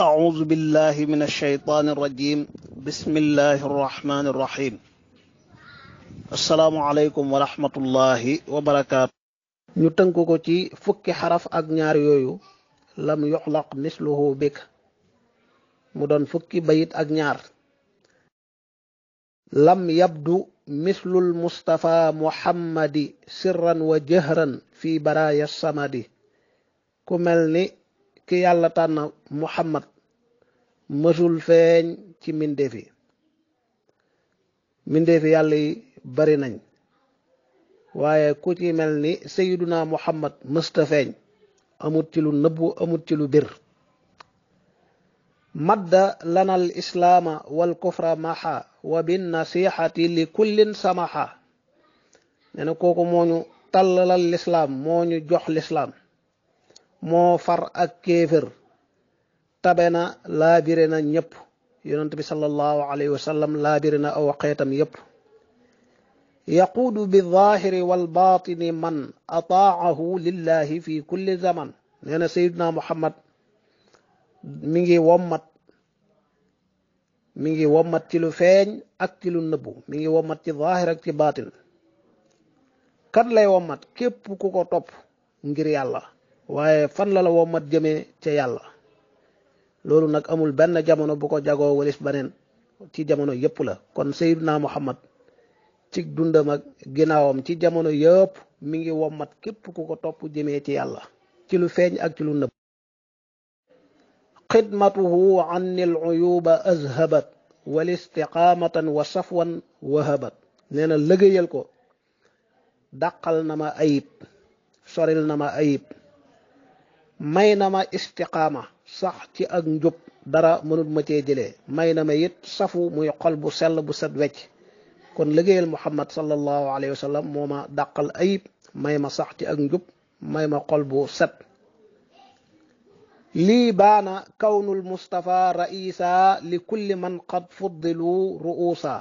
أعوذ بالله من الشيطان الرجيم بسم الله الرحمن الرحيم السلام عليكم ورحمة الله وبركاته ñu tënk ko ci fukki xaraf ak ñaar yooyu lam yuxlaq misluhu bik mu doon fukki bayit ak ñaar lam yabdu mislul mustafa muhammadi sirran wa jëhran fi baraaya samadi ku mel ni ki yàlla tànn muhammad mësul feeñ ci mbindeef yi yàlla yi bari nañ waaye ku ci mel ni sayiduna muhammad mësta feeñ amut ci lu nëbbu amut ci lu bir madda lana al islaama wal kufra maha wa bin nasihati li kullin samaha nee kooku moo ñu tallalal lislaam moo ñu jox lislaam moo far ak kéefër tabe na laabire na ñëpp yonent bi alayhi wa sallam laabire na aw xeetam yëpp yaquudu bi zaahiri wal man ataahu lillahi fi kulli zaman nee na muhammad mi ngi wommat mi ngi wommat ci lu feeñ ak ci lu nëbbu mi ngi wommat ci ak ci baatin kan lay wommat képp ku ko topp ngir yàlla waaye fan la la wommat jëmee ca yàlla loolu nag amul benn jamono bu ko jagoo walis beneen ci jamono yépp la kon Seydina Muhammad ci dundam ak ginnaawam ci jamono yëpp mi ngi wommat képp ku ko topp jëmee ci yàlla ci lu feeñ ak ci lu nëbb xidmatuhu anni al uyuba azhabat wal istiqaamatan wa safwan wahabat nee na lëgéeyal ko dàqal na ma ayib soril na ma ayib may na ma istiqaama sax ci ak njub dara mënul ma cee jëlee may na ma it safu muy xol bu sell bu set wecc kon liggéeyal muhammad sallallahu alayhi wa sallam moo ma dàqal ayib may ma sax ci ak njub may ma xol bu set lii baana kawnul mustafa raisa likul man qad fuddilu ruusa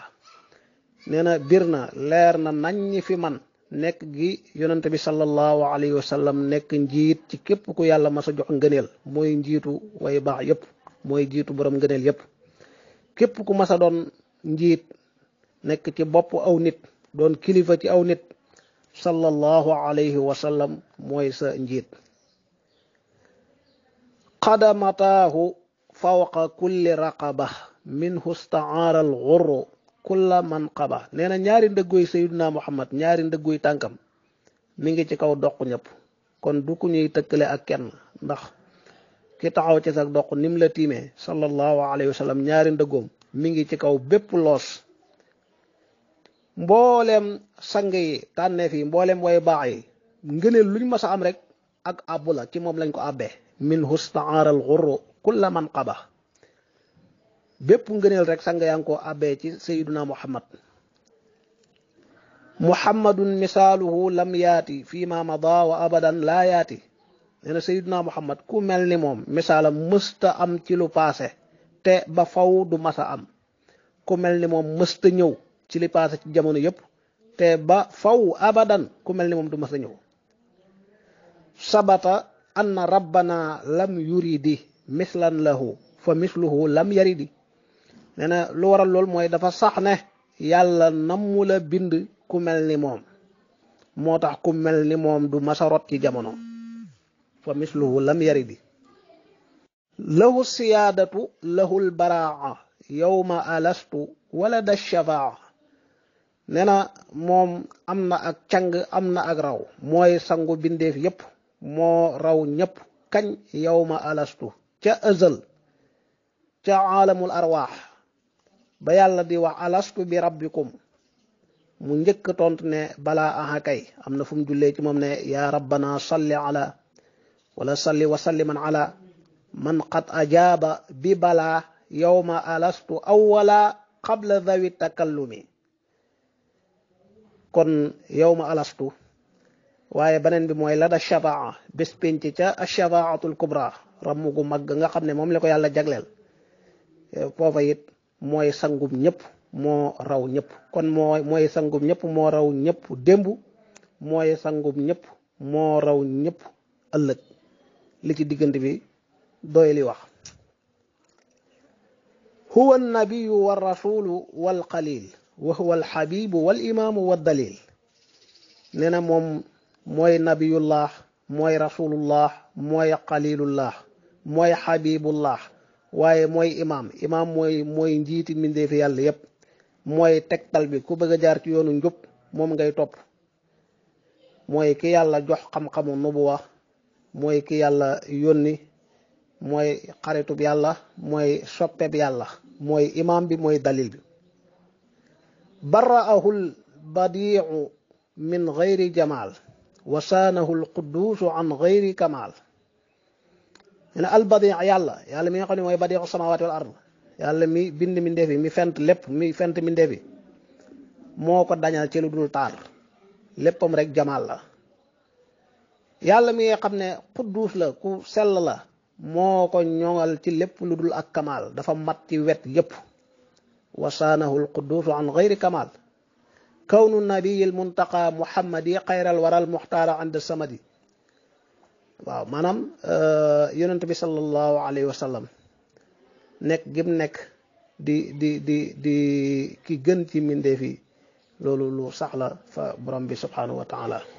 nee na bir na leer na nañ fi man nekk gi yonante bi sallallahu alayhi wa nekk njiit ci képp ku yàlla mas a jox ngëneel mooy njiitu way baax yépp mooy njiitu borom ngëneel yépp képp ku ma a doon njiit nekk ci bopp aw nit doon kilifa ci aw nit sallallahu alayhi wa mooy sa njiit qadamataahu fawqa kulli raqaba minhu staara al ghurru kulla man xaba nee na ñaari ndëggooy sayyiduna muhammad ñaari ndëggooy tànkam mi ngi ci kaw doq ñëpp kon du ku ñuy tëkkale ak kenn ndax ki taxaw ci sag doq nim la tiimee sallallahu alayhi wa ñaari ndëggoom mi ngi ci kaw bépp loos mbooleem sang yi tànneef yi mbooleem way baax yi ngëneel luñ mas a am rek ak àbbu la ci moom lañ ko àbbee min hustaara al xurru kulla man xaba bépp ngëneel rek sang yaa ngi koo abbee ci sayiduna muhammad muhammadun misaaluhu lam yaati fii ma wa abadan laa yaati nee sayiduna muhammad ku mel ni moom misaalam mësta am ci lu paase te ba faw du masa am ku mel ni moom mësta ñëw ci li paase ci jamono yépp te ba faw abadan ku mel ni moom du masa ñëw sabata anna rabbana lam yuridi mislan lahu fa misluhu lam yaridi nee na lu waral lool mooy dafa sax ne yàlla nammu bind ku mel ni moom moo tax ku mel ni moom du masarot ci jamono fa misluhu lam yaridi laxul siyaadatu lahul baraa yowma alastu walada shafaa nee na moom am na ak càng am na ak raw mooy sangu bindeef yépp moo raw ñépp kañ yowma alastu ca ëzal ca aalamul arwaax ba yàlla di wax alastu bi rabbikum mu njëkk tontu ne bala aha kay am na fu mu jullee ci moom ne yaa rabbana salli ala wala salli wa salliman ala man qad ajaaba bi balaa yowma alastu awwala qabla dhawi takallumi kon yowma alastu waaye beneen bi mooy la da shafaa bés pénc ca mag nga xam ne moom la ko yàlla jagleel foofa mooy sangum ñëpp moo raw ñëpp kon moo mooy sangum ñëpp moo raw ñëpp démb mooy sangum ñëpp moo raw ñëpp ëllëg li ci diggante bi doy li wax huwa annabiyu wa walqalil wa huwa alxabibu walimaamu waddalil nee na moom mooy nabiyullah mooy rasulullah mooy qalilullah mooy xabibullah waaye mooy imaam imaam mooy mooy njiiti mbindeefi yàlla yépp mooy tegtal bi ku bëgg a jaar ci yoonu njub moom ngay topp mooy ki yàlla jox xam-xamu nubuwa mooy ki yàlla yónni mooy xaritub yàlla mooy soppeb yàlla mooy imaam bi mooy dalil bi barra'ahu l badiu min gayri jamaal wa saanahu l an gayri kamaal nee na al badi yàlla yàlla mi nga xam ne mooy badiixu samawaati wal ard yàlla mi bind mi ndeef mi fent lépp mi fent mi ndeef moo ko dañal ci lu dul taar léppam rek jamaal la yàlla mi nga xam ne xudduus la ku sell la moo ko ñoŋal ci lépp lu dul ak kamaal dafa mat ci wet yépp wasaanahu l qudduusu an gayri kamaal kawnu nabiyi l muntaqa muhammadi xayral waral muxtaara and samadi waaw maanaam euh, yonent bi sallallahu alayhi wa sallam nekk gim nekk di di di di ki gën ci mbindeef yi loolu lu sax la fa borom bi subhanahu wa taala